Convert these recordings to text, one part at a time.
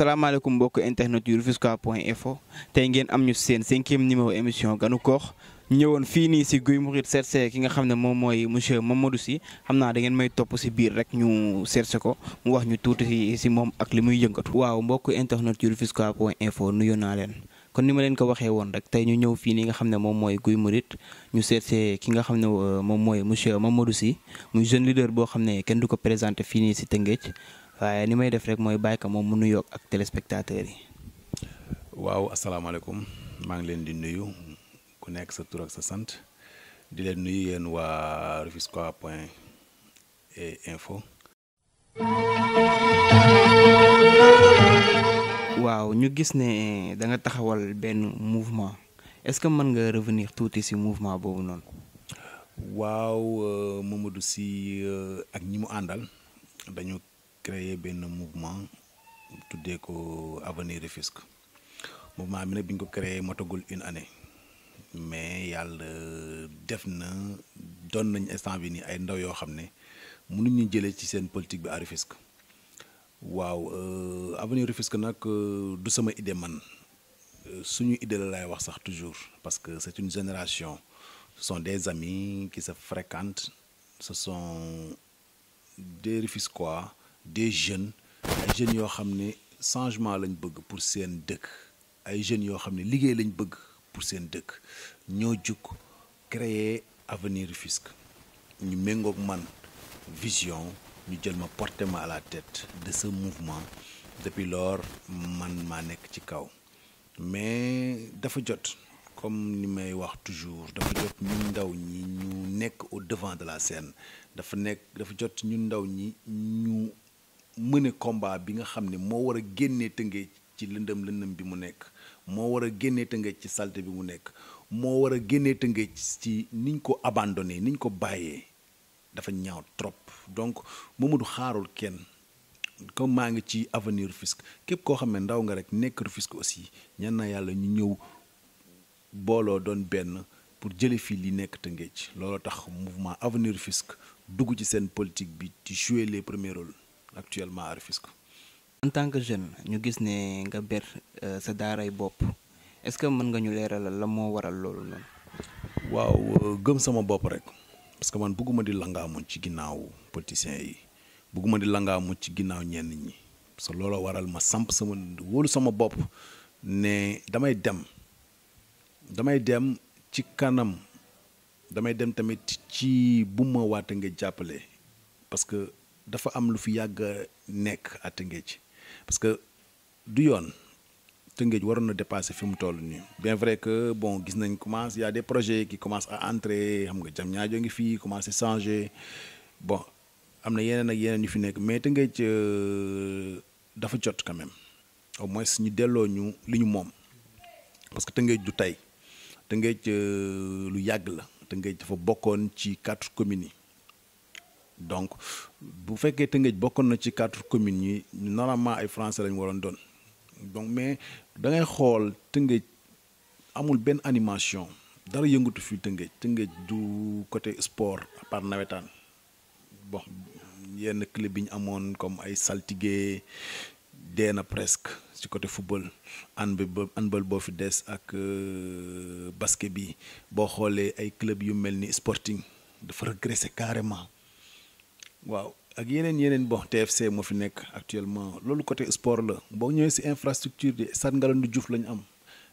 salaamaaleykum mbokk internet yu Rufisquois point info tey ngeen am ñu seen cinquième numéro émission ganu koor ñëwoon fii nii si Guy Mouride seetse ki nga xam ne moom mooy monsieur Mamadou Sy xam naa da ngeen may topp si biir rek ñu seetse ko mu wax ñu tuuti si moom ak li muy yëngatu. waaw mbokk internet yu info nuyu naa leen kon ni ma leen ko waxee woon rek tey ñu ñëw fii nii nga xam ne moom mooy Guy Mouride ñu seetse ki nga xam ne euh, moom mooy monsieur Mamadou Sy muy jeune leader boo xam ne kenn du ko présenté fii nii si Tëngéej. waaye ni may def rek mooy bàyyi moom mu nuyoog ak téléspectateurs yi. waaw asalaamaaleykum maa ngi leen di nuyu ku nekk sa tur sa sant di leen nuyu yéen waa Rufisquois point info. waaw ñu gis ne eh, da nga taxawal benn mouvement est-ce que mën nga revenir tuuti ci mouvement boobu noonu. waaw euh, Mamadou Sy euh, ak ñi mu àndal dañu Créer un mouvement tuddee ko avenir Rufisque mouvement bi nag bi ñu ko créé matagul une année mais yàlla def na doon nañ instant bi nii ay ndaw yoo xam ne mënuñ ñu jëlee ci seen politique bi à Rufisque waaw euh, avenir Rufisque nag euh, du sama idée man euh, suñu idée la laay wax sax toujours parce que c'est une génération ce sont des amis qui se fréquentent ce sont des Rufisquois des jeunes ay jeunes qui ont ne changement lañ bëgg pour sen deuk ay jeunes yo xamné liguey lañ bëgg pour sen deuk ñoo juk créer avenir fisc. ñu mengok man vision ñu jël ma porter ma à la tête de ce mouvement depuis lors man ma nek ci kaw mais dafa jot comme ni may wax toujours dafa jot ñu ndaw ñi ñu nek au devant de la scène dafa nek dafa jot ñu ndaw ñi ñu mëne combat bi nga xam ne moo war a génnee tëngee ci lëndëm lëndëm bi mu nekk moo war a génnee tëngee ci salte bi mu nekk moo war a génnee tëngee ci niñ ko abandonné niñ ko bàyyee dafa ñaaw trop donc Mamadou xaarul kenn comme maa ngi ci avenir Rufisque képp koo xam ne ndaw nga rek nekk Rufisque aussi ñaan na yàlla ñu ñëw booloo doon benn pour jële fii li nekk Tëngéej looloo tax mouvement avenir Rufisque dugg ci seen politique bi di jouer les premiers actuellement à Rufisque. en tant que jeune ñu gis ne nga euh, sa daaray bopp est ce que mën waral loolu noonu. waaw euh, gëm sama bop rek parce que man bëgguma di langaamu ci ginnaaw politiciens yi bëgguma di langaamu ci ginnaaw ñenn ñi parce que waral ma samp sama sama bop ne damay dem damay dem ci kanam damay dem tamit ci bu ma waate nga parce que dafa am lu fi yàgg a nekk à Tëngéej parce que du yoon Tëngéej waroon na dépasser fi mu toll nii bien vrai que bon gis nañ commence y a des projets qui commencent à entrer xam nga Diamniadio ngi fii commencé changer bon am na yeneen ak yeneen yu fi nekk mais Tëngéej euh, dafa jot quand au moins ñu delloo ñu li ñu moom parce que Tëngéej du tey Tëngéej euh, lu yàgg la Tëngéej dafa bokkoon ci quatre communes yi. donc bu faites que bokkoon na ci quatre communes yi normalement ay français lañu waroon doon donc mais da ngay xool Tëngéej amul benn animation dara yëngatu fii Tëngéej Tëngéej du côté sport à part nawetaan bon yenn club bi ñu amoon comme ay Saltigé, dee presque ci côté football an bi ba handball boo fi des ak euh, basket bi boo xoolee ay club yu mel ni sporting dafa régressé carrément waaw ak yeneen yeneen bon TFC moo fi nekk actuellement loolu côté sport la boo ñëwee si infrastructure de stade Ngalandou Diouf la ñu am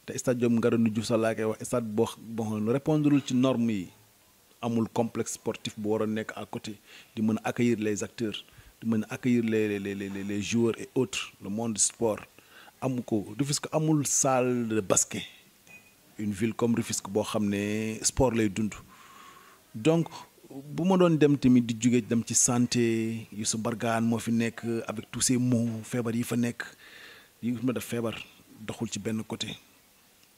te stade jom Ngalandou Diouf sax laa koy wax stade boo bon répondre ci norme yi amul complexe sportif bu war a nekk à côté di mën a accueillir les acteurs di mën a accueillir les les les les joueurs et autres le monde du sport amu ko Rufisque amul salle de basket une ville comme Rufisque boo xam ne sport lay dund donc. bu ma doon dem tamit di jóge dem ci santé Youssou Mbargane moo fi nekk avec tous ces feebar yi fa nekk yi ma def feebar doxul ci benn côté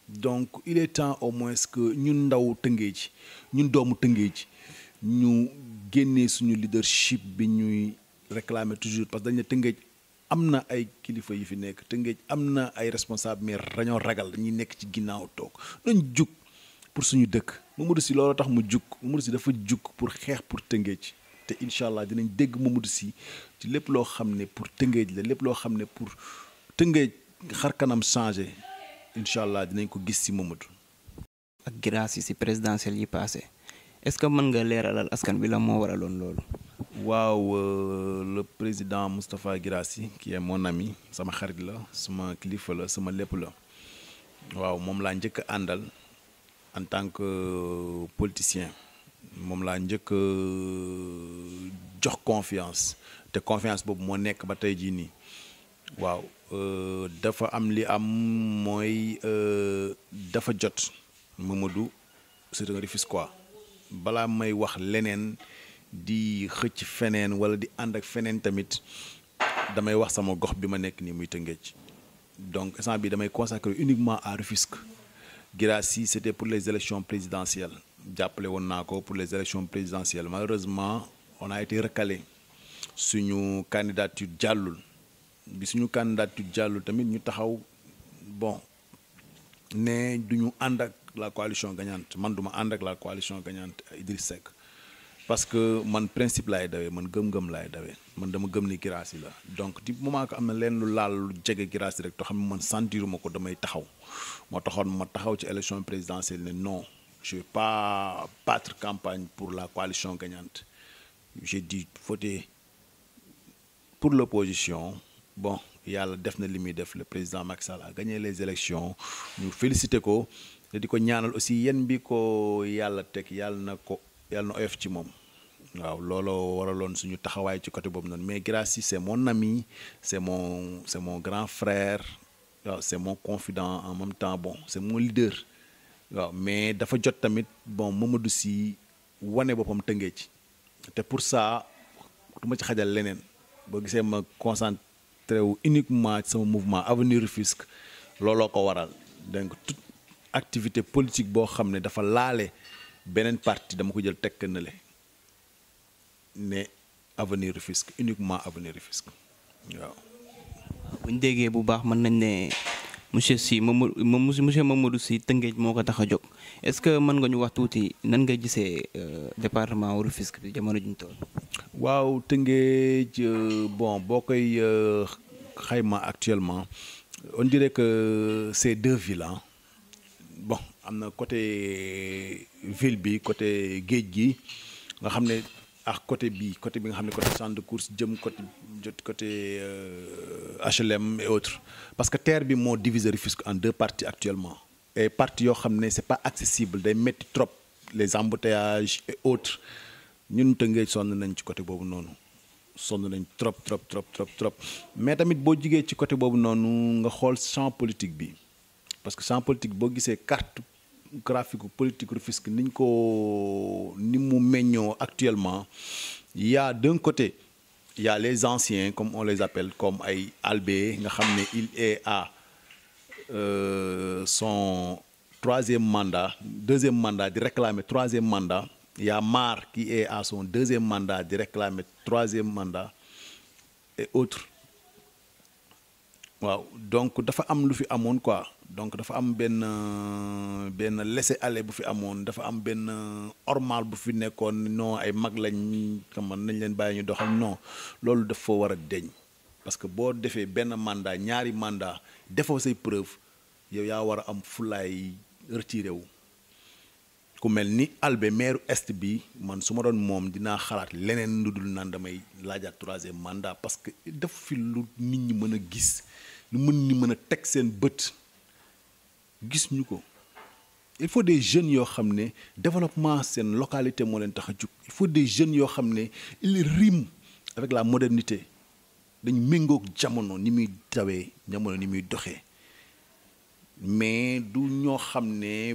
donc il est temps au moins que ñun ndaw tëngee ji ñun doomu tëngee ji ñu génnee suñu leadership bi ñuy réclamer toujours parce que dañ tëngéej am na ay kilifa yi fi nekk tëngéej am na ay responsable mais dañoo ragal dañuy nekk ci ginnaaw toog dañ jug pour suñu dëkk Mamadou si loolu tax mu jug Mamadou si dafa jug pour xeex pour Tëngéej te incha allah dinañ dégg Mamadou Sy ci lépp loo xam ne pour Tëngéej la lépp loo xam ne pour Tëngéej xar kanam changé incha allah dinañ ko gis si mutu ak grâce yi si présidentielle yi passé est-ce que mën nga leeralal askan bi la moo waraloon loolu. waaw euh, le président Moustapha Guirassy qui ki mon ami sama xarit la sama kilifa la sama lépp la waaw moom laa njëkk àndal. en tant que euh, politicien je suis que confiance te confiance pour mon nekk ba euh, dafa am li euh, dafa c'est un Je bala may wax di Je wala di pour ak Je tamit damay wax sama je nekk muy donc je bi uniquement à Girassi c'était pour les élections présidentielles J'appelais on pour les élections présidentielles malheureusement on a été recalé suñu candidature jàllul bi suñu candidature jàllul tamit ñu taxaw bon ne duñu ànd ak la coalition gagnante man duma ak la coalition gagnante Idriss Seck parce que mon principe lay dawe mon gëm-gëm lay dawe man dama gëm ni grâce la donc du moment que amna na lu laal lu jege grâce yi rek te xam man sentiruma mako damay taxaw mo taxone ma taxaw ci élection présidentielle né non je vais pas battre campagne pour la coalition gagnante j'ai dit voter pour l'opposition bon yalla def na limi def le président Macky Sall a gagné les élections Nous féliciter ko diko ñaanal aussi yenn bi ko yalla tek yàlla na ko yàlla na oyof ci mom waaw looloo waraloon suñu taxawaay ci côté boobu noonu mais Guirassy c'est mon ami c'est mon c'est mon grand frère waaw c'est mon confident en même temps bon c'est mon leader waaw mais dafa jot tamit bon Mamadou Sy wane boppam tëngee ci te pour ça du ma ci xajal leneen boo gisee ma concentré wu uniquement sur sama mouvement avenir Rufisque looloo ko waral donc toute activité politique boo xam ne dafa laale beneen parti dama ko jël tekk na le ne avenir fisc uniquement avenir Rufisque waaw. bu ñu déggee bu baax mën nañ ne monsieur Sy Mamadou monsieur Mamadou Sy Tëngéej moo ko est-ce que mën nga ñu wax tuuti nan nga gisee euh, département Rufisque fisc jamono juñ toll. waaw Tëngéej euh, bon boo koy euh, actuellement on dirait que ces deux villes hein. bon am na côté ville bi côté géej gi nga xam côté bi côté bi nga côté centre de course côté côté HLM euh, et autres parce que terre bi mo diviser en deux parties actuellement et partie yo xamné c'est pas accessible day métti trop les embouteillages et autres ñun Tëngéej sonn nañ ci côté bobu noonu sonn nañ trop trop trop trop trop mais tamit bo jigee ci côté bobu noonu nga xol politique bi parce que sans politique bo c'est carte graphique politique ou ni actuellement ko ni mu y a d'un côté il y a les anciens comme on les appelle comme ay Albé il est à euh, son troisième mandat deuxième mandat de réclamer troisième mandat Il y a Mar qui est à son deuxième mandat de réclamer troisième mandat et autres waaw donc dafa am lu fi amoon quoi donc dafa am benn euh, benn lese aller bu fi amoon dafa am benn euh, ormal bu fi nekkoon non ay mag lañ xam nañ leen bàyyi ñu dox am non loolu daf dafa war a deñ parce que boo defee benn mandat ñaari mandat defoo say preuve yow yaa war a am fulaay retiré wu ku mel ni Albé maire est bi man su ma doon moom dinaa xalaat leneen lu dul naan damay laajaat troisième mandat parce que def fi lu nit ñi mën a gis nu mën ni mën a teg seen bët gis ñu ko il faut des jeunes yoo xam développement seen localité moo leen tax a il faut des jeunes yoo xam il rime avec la modernité dañ méngoog jamono ni muy tawee jamono ni muy doxee mais du ñoo xam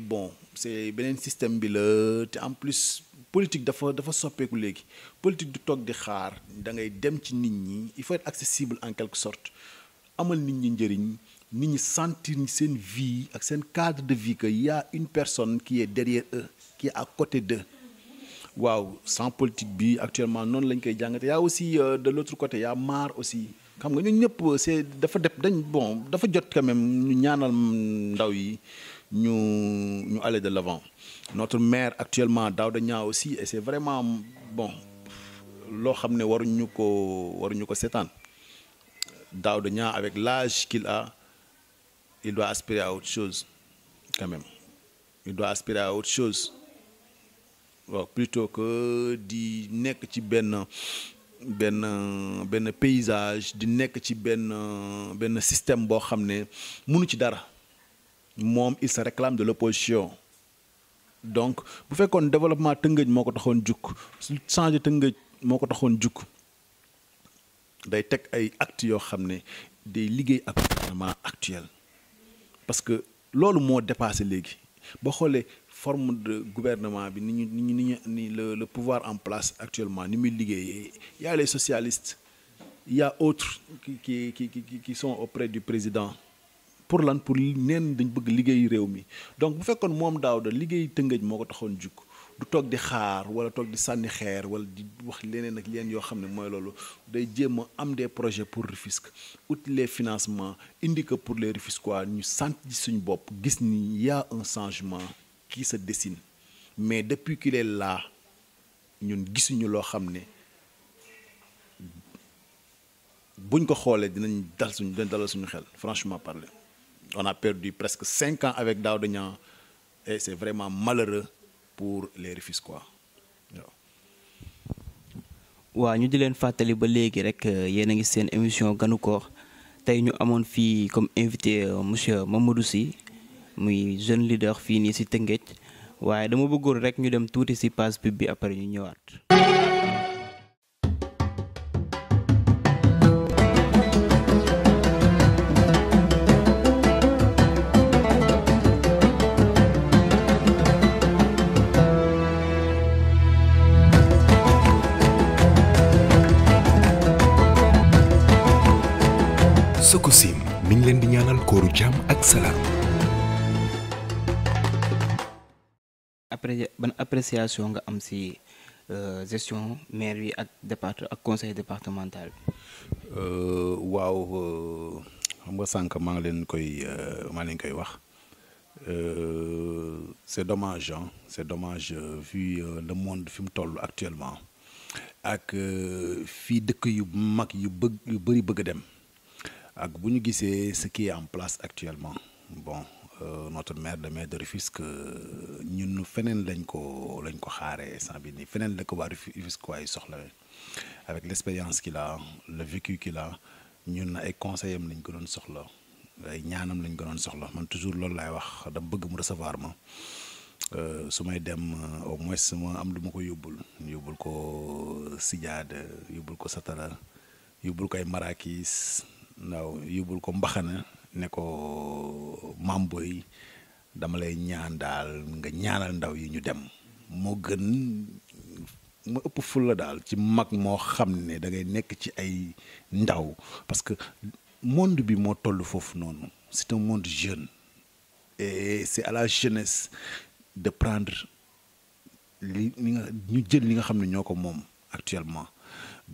bon c'est beneen système bi la te en plus politique dafa dafa soppeeku léegi politique du toog di xaar da ngay dem ci nit ñi il faut être accessible en quelque sorte amal nit ñi njëriñ nit ñi sentir seen vie ak cadre de vie que y a une personne qui est derrière eux qui est à côté d'eux waaw sans politique bi actuellement non lañ koy y a aussi euh, de l'autre côté il y a Mar aussi xam nga ñun ñëpp c'est dafa def dañ bon dafa jot quand même ñu ñaanal ndaw yi ñu ñu aller de l'avant notre maire actuellement Daouda aussi et c'est vraiment bon loo xam ne waruñu ko waruñu ko Daoud avec l'âge qu'il a, il doit aspirer à autre chose, quand même. Il doit aspirer à autre chose. plutôt que d'y nek ci ben ben ben paysage di nek ci ben ben système bo xamné mënu ci dara mom il se réclame de l'opposition donc bu qu'on développement teungeej moko taxone juk changer teungeej moko taxone juk day tek ay actes yo xamné ne day liggéey ak gouvernement actuel parce que lolu mo dépassé légui ba xolé forme de gouvernement bi ni ni ni ni le le pouvoir en place actuellement ni muy liggéeyee y les socialistes il y a autres qui qui qui qui sont auprès du président pour lan pour neen dañ bëgg liggéey réew mi donc bu fekkon mom daaw da liggéey tëngëj moo ko jukk du tok di xaar wala tok di sanni xeer wala di wax leneen ak leneen yoo xam ne mooy loolu day jéem am des projets pour Rufisque ut les financements indi que pour les Rufisquois ñu sant ci suñ bopp gis ni y a un changement qui se dessine mais depuis qu'il est là ñun gisuñu loo xam ne buñ ko xoolee dinañ dal suñu dinañ dalal suñu xel franchement parlé on a perdu presque cinq ans avec Daouda Niang et c'est vraiment malheureux pour les Rufisquois waaw. waaw ñu di leen fàttali ba léegi rek euh, yéen a ngi seen émission ganu koor tey ñu amoon fii comme invité euh, monsieur Mamadou Sy muy jeune leader fii nii ci Tëngéej waaye dama bëggoon rek ñu dem tuuti ci page pub bi après ñu ñëwaat. Sococim mi ngi leen di ñaanal kooru jàmm ak salaam. après ban appréciation nga am ci euh, gestion maire bi ak département ak conseil départemental bi. Euh, waaw euh, xam nga sànq maa ngi leen koy maa leen koy wax. Euh, c'est dommage hein? c'est dommage vu le monde fi mu toll actuellement ak fii dëkk yu mag yu bëgg yu bëri bëgg dem ak buñu ñu ce qui est en place actuellement bon euh, notre maire de maire de que ñun fenen lañ ko lañ ko xaré sans bi ni fenen la ko waa Rufisque waaye soxla avec l'expérience qu'il a le vécu qu'il a ñun ay conseil lañ ko don soxla ay ñaanam lañ ko don soxla man toujours lool lay wax da bëgg mu recevoir ma euh sumay dem euh, au moins sama am lu ko yobul yobul ko sijaada yobul ko satara, yobul ko ay marakis ndaw yóbbul ko mbaxana ne ko Mame Boye dama lay ñaan daal nga ñaanal ndaw yi ñu dem moo gën moo ëpp fulla daal ci mag moo xam ne da ngay nekk ci ay ndaw parce que monde bi moo toll foofu noonu c'est un monde jeune et c'est à la jeunesse de prendre li nga ñu jël li nga xam ne ñoo ko moom actuellement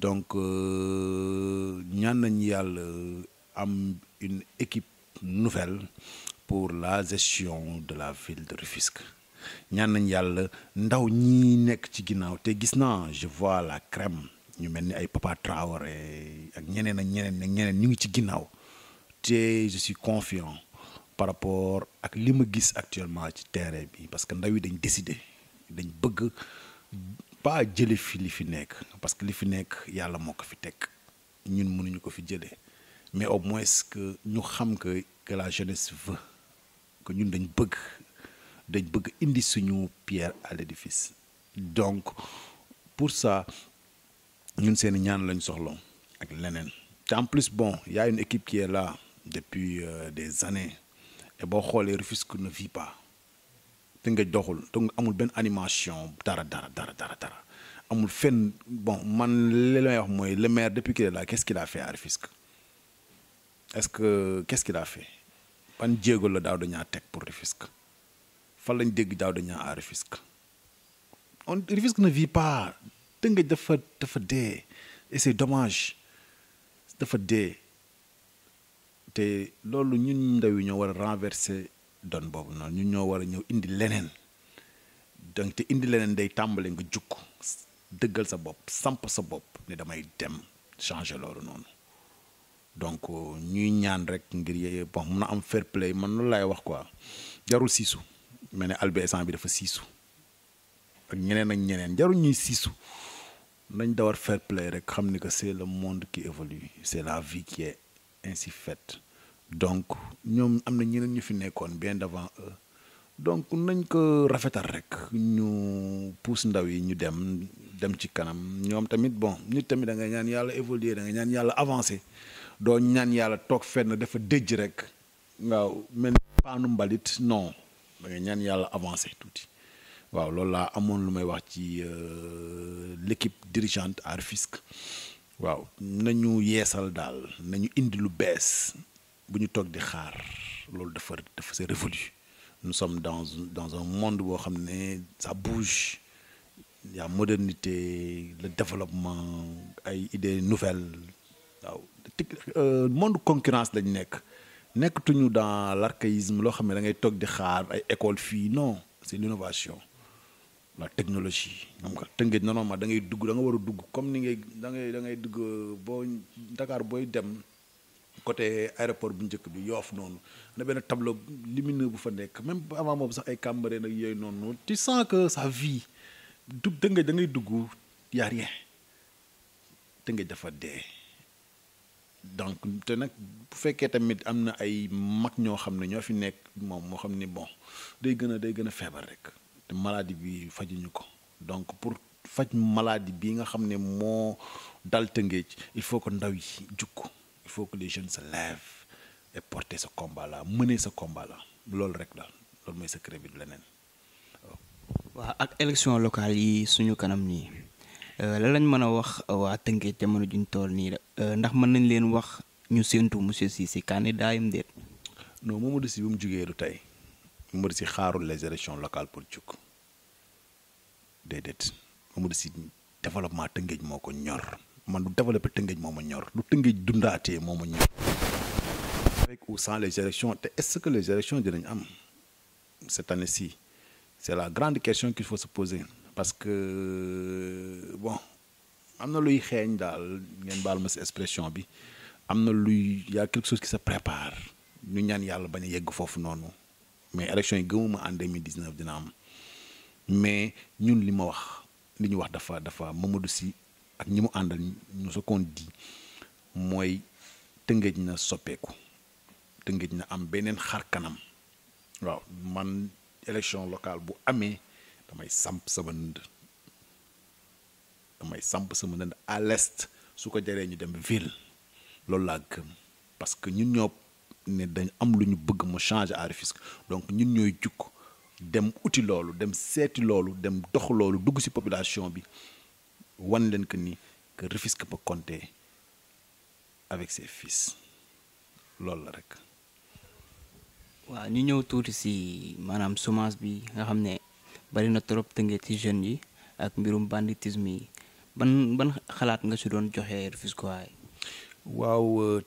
donc euh, nous euh, avons am une équipe nouvelle pour la gestion de la ville de Rufisque Nous avons yàlla ndaw ñi nekk ci Guinée. je vois la crème ñu mel un Papa Traoré ak ñeneen ak ñeneen ak ñeneen ñu ngi ci ginnaaw je suis confiant par rapport ak li ma gis actuellement ci terrain bi parce que ndaw yi dañ décider dañ bëgg pas jële fi li fi nek parce que li fi nek yalla qui fi Nous ne pouvons pas fi jëlé mais au moins que ñu xam que que la jeunesse veut que ñun dañ bëgg dañ bëgg indi suñu pierre à l'édifice donc pour ça nous seen ñaan lañ soxlo ak lenen en plus bon y a une équipe qui est là depuis euh, des années et les refus que ne vit pas Tëngéej doxul te amul ben animation dara dara dara dara dara amul fenn bon man le lay wax moy le maire depuis qu'il est là qu'est-ce qu'il a fait à Rufisque est-ce que qu'est-ce qu'il a fait ban jéego la daaw dañaa tek pour Rufisque fa lañ dégg daaw dañaa à Rufisque on Rufisque ne vit pas Tëngéej dafa dafa dé et c'est dommage dafa dé te loolu ñun ndaw yi ñoo war renverser don bob, non, ñun ñoo war a ñëw indi leneen donc te indi leneen day tàmbale nga jukk dëggal sa bopp samp sa ne damay dem changer loolu noonu donc ñuy ñaan rek ngir yee bon mun a am fair play man laay wax quoi jarul siisu ne bi dafa siisu ñeneen ak ñeneen jarul ñuy siisu nañ dawar fair play rek xam que c'est le monde qui évolue c'est la vie qui est ainsi faite donc ñoom am na ñeneen ñu fi nekkoon bien d'avant eux donc nañ ko rafetal rek ñu pousse ndaw yi ñu dem dem ci kanam ñoom tamit bon nit tamit da nga ñaan yàlla évoluer da nga ñaan yàlla avancer doo ñaan yàlla toog fenn dafa dëjj rek waaw mel paanu mbalit non da ñaan yàlla avancer tuuti waaw loolu laa amoon lu may wax ci euh, l'équipe dirigeante à Rufisque waaw nañu yeesal daal nañu indi lu bees buñu tok c'est révolu nous sommes dans dans un monde où ça bouge il y a modernité le développement ay idées nouvelles Le euh, monde concurrence lañ nek dans l'archaïsme lo xamné da ngay c'est l'innovation la technologie da ngay dugg côté aéroport bu njëkk bi yoof noonu na benn tableau lumineux bu fa nekk même avant moom sax ay Cambérène nag yooyu noonu tu sens que sa vie dug dëngëj da dugg y a rien dafa dee donc te nag bu fekkee tamit am na ay mag ñoo xam ne ñoo fi nekk moom moo xam ni bon day gën a day gën a feebar rek te maladie bi fajuñu ko donc pour faj maladie bi nga xam ne moo dal tëngëj il faut que ndaw yi jug ko il faut que les jeunes se lèvent et portent ce combat-là mener ce combat-là C'est ce que je veux dire. C'est ce que je veux élection locale yi suñu kanam nii euh, la lañ mën a wax waa tënkee que juñ tool nii euh, ndax mën nañ leen wax ñu séentu monsieur Cissé candidat yam déet non Mamadou les élections locales pour développement man lu développer tëngéej moo ma ñor lu tëngéej dundaatee moo ma ñor. avec ou sans les élections te est-ce que les élections dinañ am cette année-ci c'est la grande question qu'il faut se poser parce que bon amna luy xéñ dal ngeen bal ma si expression bi amna luy il y a quelque chose qui se prépare ñu ñaan yalla baña yegg fofu noonu mais élection yi gëmuma en 2019 dina am mais ñun li ma wax li ñu wax dafa dafa Mamadou Sy ak ñi mu àndal ñu sa di mooy tëngëj na soppeeku tëngëj na am beneen xar kanam waaw man élection locale bu amee damay samp sama ndënd damay samp sama ndënd à l'est su ko jaree ñu dem ville loolu laa gëm parce que ñun ñoo ne dañ am lu ñu bëgg mu changer à Rufisque donc ñun ñooy jukk dem uti loolu dem seeti loolu dem dox loolu dugg ci population bi wan leen que ni que refisque peut compter avec ses fils lol la rek. wa ñu ñew touti si manam semence bi nga xam bari na trop tënkee ci jeune yi ak mbirum banditisme ban ban xalaat nga si doon joxe refisque waay. waaw euh,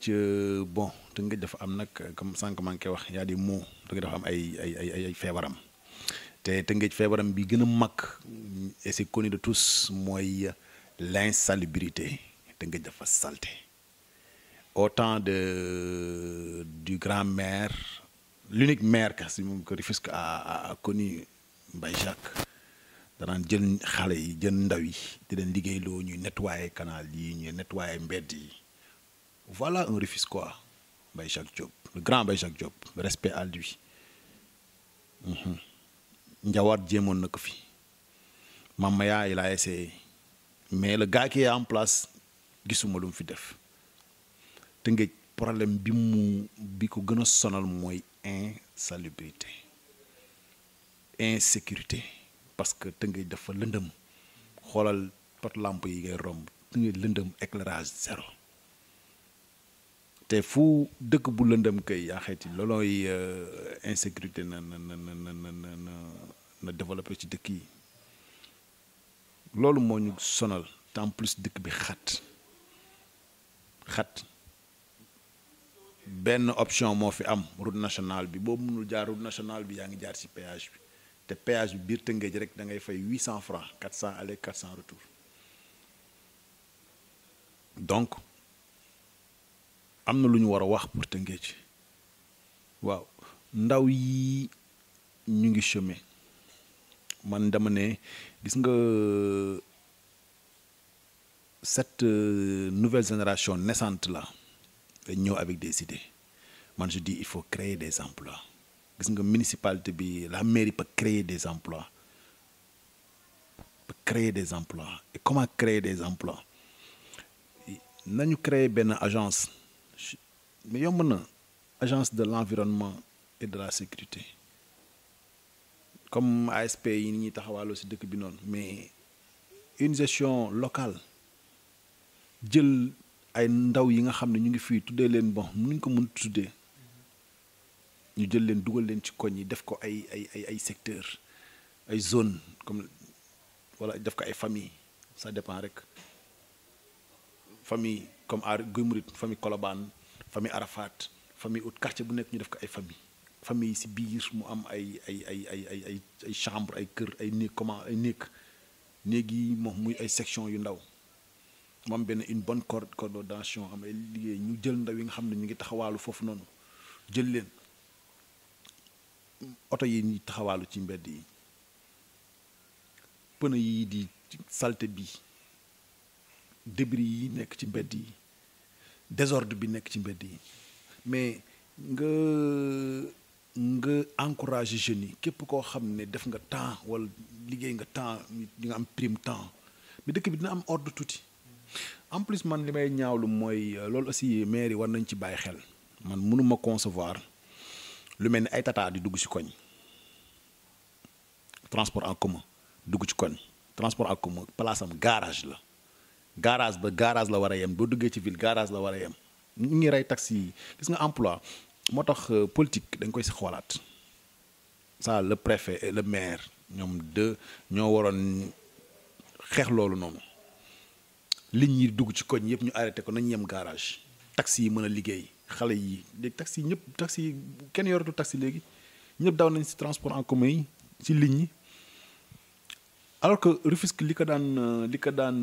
ci euh, bon Tëngéej dafa am nak comme sank manke wax ya di moo Tëngéej dafa am ay ay ay ay feebaram te Tëngéej feebaram bi gën mak. mag et c'est connu de tous mooy l'insalubrité Tëngéej dafa salte au temps de du grand mère, l'unique mère ka si a connu Mbaye Jacques danaan jël xale yi jël ndaw yi di leen liggéey loo ñuy nettoyer canal yi ñuy nettoyer mbedd yi voilà un Rufisquois Mbaye Jacques Diop le grand Mbaye Jacques Diop respect à lui. Mm-hmm. Ndiawar jéemoon na ko fi Mamaya il a essayé mais le gars qui en place gisuma lu mu fi def te problème bi mu bi ko gën a sonal mooy insalubrité insécurité parce que Tëngéej dafa lëndëm xoolal pot lamp yi ngay romb Tëngéej lëndëm éclairage zéro te fu que bu lëndëm kay euh, insécurité na na na na na na na ci dëkk yi sonal plus dëkk bi xat xat option moo am route nationale bi boo mënul nationale péage bi péage bi 800 francs 400 aller 400 retour donc amna luñu wara wax pour Tëngéej waaw ndaw yi ñu ngi chemin man dama né gis nga cette euh, nouvelle génération naissante là ñeu avec des idées man je dis il faut créer des emplois gis nga municipalité bi la mairie peut créer des emplois peut créer des emplois et comment créer des emplois nañu créer une agence mais yomb na agence de l'environnement et de la sécurité comme ASP yi ni ñuy taxawaaloo ci dëkk bi noonu mais une gestion locale jël ay ndaw yi nga xam ne ñu ngi fii tuddee leen bon mënuñ ko mën tuddee ñu jël leen dugal leen ci koñ yi def ko ay ay ay ay secteur ay zone comme wala def ko ay famille ça dépend rek famille comme aar Guy Mouride famille Colobane famille Arafat famille ut quartier bu nekk ñu def ko ay famille famille si biir mu am ay ay ay ay ay ay ay chambre ay kër ay néeg comment ay néeg néeg yi moom muy ay section yu ndaw mu am benn une bonne coordination am ay liggéey ñu jël ndaw yi nga xam ne ñu ngi taxawaalu foofu noonu jël leen oto yi ñuy taxawaalu ci mbedd yi pneu yi di salte bi débris yi nekk ci mbedd yi désordre bi nekk ci mbedd yi mais nga nga encouragé jeunes yi képp koo xam ne def nga temps wala liggéey nga temps di nga am prime temps mais dëkk bi dina am ordre tuuti en plus man li may ñaawlu mooy loolu aussi maire yi war nañ ci bàyyi xel man munuma concevoir lu mel ni ay tata di dugg ci koñ transport en commun dugg ci koñ transport en commun place am garage la garage ba garage la war a yem boo duggee ci ville garage la war a yem ñu ngi rey taxi yi gis nga emploi moo tax euh, politique dañ koy si xoolaat ça le préfet et le maire ñoom deux ñoo waroon xeex loolu noonu liñ yi dugg ci koñ yëpp ñu arrêté ko nañu yem garage taxi yi mën a liggéey xale yi léegi taxi yi ñëpp taxi yi kenn yoratul taxi léegi ñëpp daw nañ si transport en commun yi si ligne yi alors que Rufisque li ko daan li ko daan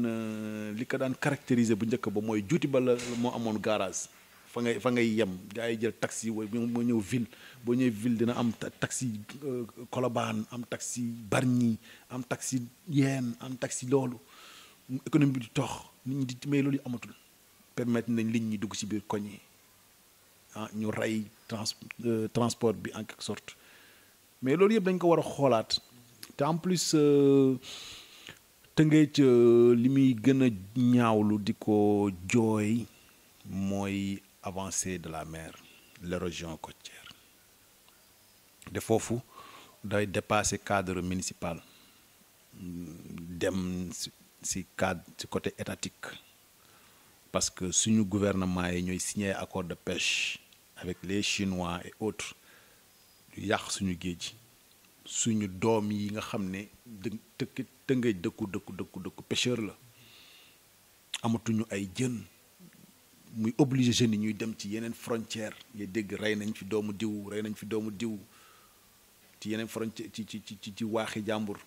li ko daan caractériser bu njëkk ba mooy juuti ba la moo amoon garage fa ngay fa ngay yem gars yi jël taxi wala moo ñëw ville boo ñëwee ville dina am taxi euh, Colobane am taxi Bargny am taxi Yène am taxi loolu économie bi di tox nit ñi di mais loolu amatul permettre nañ liñ ñi dugg ci biir koñ ah, ñu rey trans euh, transport bi en quelque sorte mais loolu yëpp dañ ko war a xoolaat. en plus euh, te euh, ñaawlu de la mer l'érosion côtière de fou, doy dépasser cadre municipal dem cadre côté étatique parce que suñu gouvernement signé accord de pêche avec les Chinois et autres du suñu suñu doom yi nga xam ne dë tëkk tëngëj dëkku dëkku dëkku dëkku pêcheur la amatuñu ay jën muy obligé jeunes yi ñuy dem ci yeneen frontière ngay dégg rey nañ fi doomu diw rey nañ fi doomu diw ci yeneen frontière ci ci ci ci waaxi jàmbur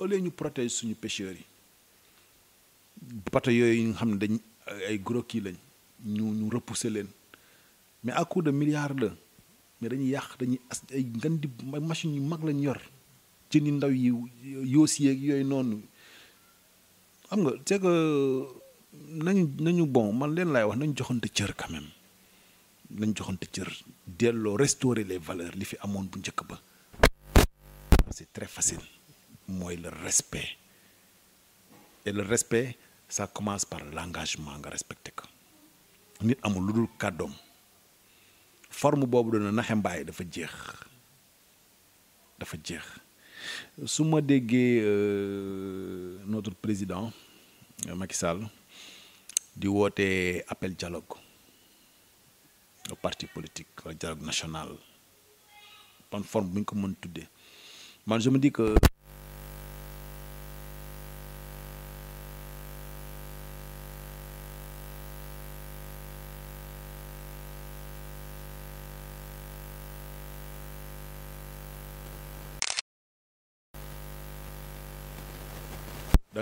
au ñu protéger suñu pêcheurs yi bato yooyu nga xam ne dañ ay gros kii lañ ñu ñu repousser leen mais à coup de milliards mais dañuy yàq dañuy as ay ngan di machine yu mag lañ yor ni ndaw yi yoosi yéeg yooyu noonu xam nga c'est que nañu nañu bon man leen laay wax nañu joxante cër quand même nañ joxante cër delloo restaurer les valeurs li fi amoon bu njëkk ba c'est très facile mooy le respect et le respect ça commence par l'engagement nga respecté ko nit amul lu dul kàddoom forme boobu doon na naxembaay dafa jeex dafa jeex su ma déggee euh, notre président Macky Sall di woote appel dialogue au parti politique wala dialogue national ban forme bu ñu ko mën tuddee man je me dis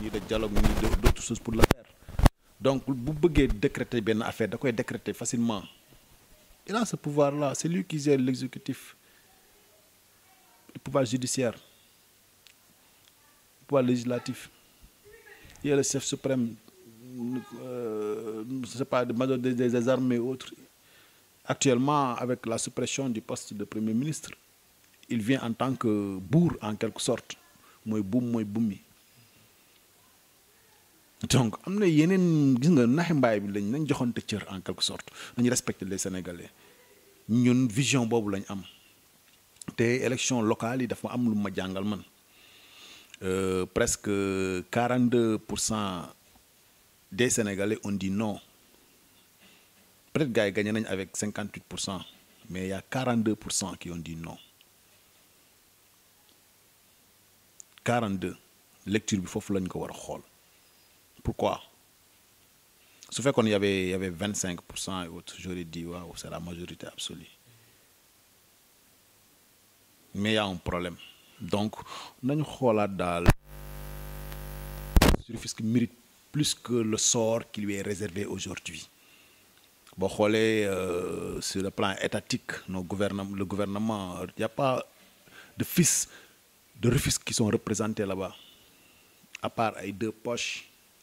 ni de dialogue ni d'autres choses pour la faire donc bu bëggee décréter benn affaire il est décréter facilement il a ce pouvoir là c'est lui qui gère l'exécutif le pouvoir judiciaire le pouvoir législatif il est le chef suprême euh, ne sais pas des, armées et autres actuellement avec la suppression du poste de premier ministre il vient en tant que bourg en quelque sorte moi boum moi Boumi donc amna yenen yeneen gis nga naxi mbaay bi lañ nañ cieur en quelque sorte On respecter les sénégalais ñun vision une lañ am Té élection locale yi dafa am lu ma man euh, presque 42 des sénégalais ont dit non peut-être gars yi gagné avec 58 mais il y a 42 qui ont dit non 42 lecture bi faut lañ ko war a pourquoi Ce fait qu'on y avait, y avait 25% et autres, j'aurais dit, waouh, c'est la majorité absolue. Mais il y a un problème. Donc, nous avons dans le mérite plus que le sort qui lui est réservé aujourd'hui. Bon, euh, sur le plan étatique, le gouvernement, il n'y a pas de fils de refus qui sont représentés là-bas, à part les deux poches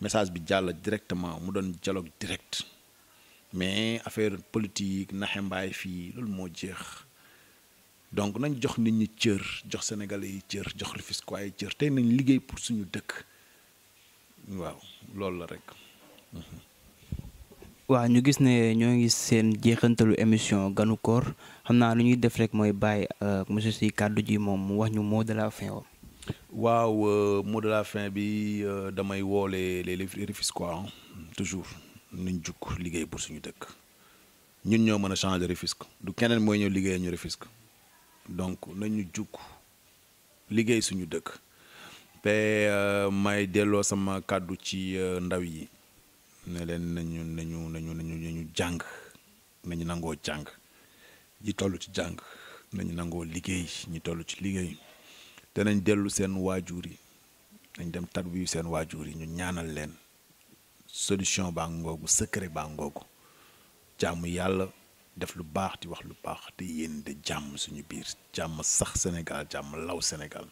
message bi jàll directement mu doon dialogue direct mais affaire politique naxe mbaay fi lool mo jeex donc nañ jox nit ñi cieur jox sénégalais yi cër jox Rufisquois yi cieur tey nañ liggéey pour suñu dëkk waaw lool la rek. waaw ñu gis ne ñoo ngi seen jeexantalu émission ganu koor xam naa lu ñuy def rek mooy bàyyi euh, monsieur si kàddu ji moom mu wax ñu mot de la fin. waaw euh, mot de la fin bi euh, damay woolee les Rufisquois toujours nuñ jukk liggéey pour suñu dëkk ñun ñoo mën a changer Rufisque du keneen mooy ñëw liggéey ñu Rufisque donc nañu jukk liggéey suñu dëkk te euh, may delloo sama kàddu ci ndaw yi ne leen nañu nañu nañu nañu nañu jàng nañu nangoo jàng ñi toll ci jàng nañu nangoo liggéey ñi toll ci liggéey danañ dellu seen waajur yi dañ dem tarbiyu seen waajur yi ñu ñaanal leen solution baa ngoogu secret baa ngoogu jàmm yàlla def lu baax di wax lu baax te yéen de jàmm suñu biir jàmm sax Sénégal jàmm law Sénégal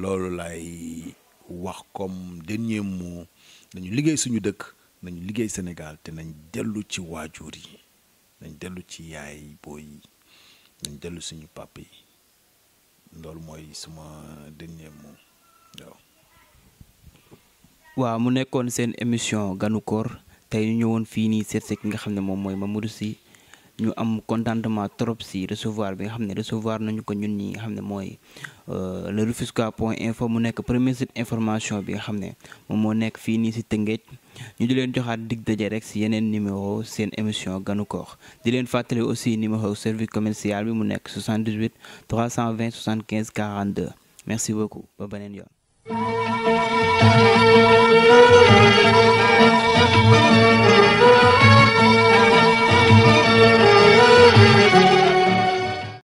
loolu lay wax comme dernier mot nañu liggéey suñu dëkk nañu liggéey Sénégal te nañ dellu ci waajur yi nañ dellu ci yaay booy yi nañ dellu suñu papa yi loolu mooy suma dernier waaw. mu nekkoon seen émission ganu tey ñu ñëwoon fii nii seet si ki nga xam ne moom mooy ma Mamadou Sy. nous am contentement trop si recevoir bi nga recevoir nañu ko ñun ñi nga euh, le refuska.info point mu nekk premier site information bien. nga mon ne fini nekk si Tëngéej ñu di leen joxaat dig daje rek si un numéro seen émission ganu koor di leen aussi numéro service commercial bi mu 78 320 75 42 merci beaucoup ba beneen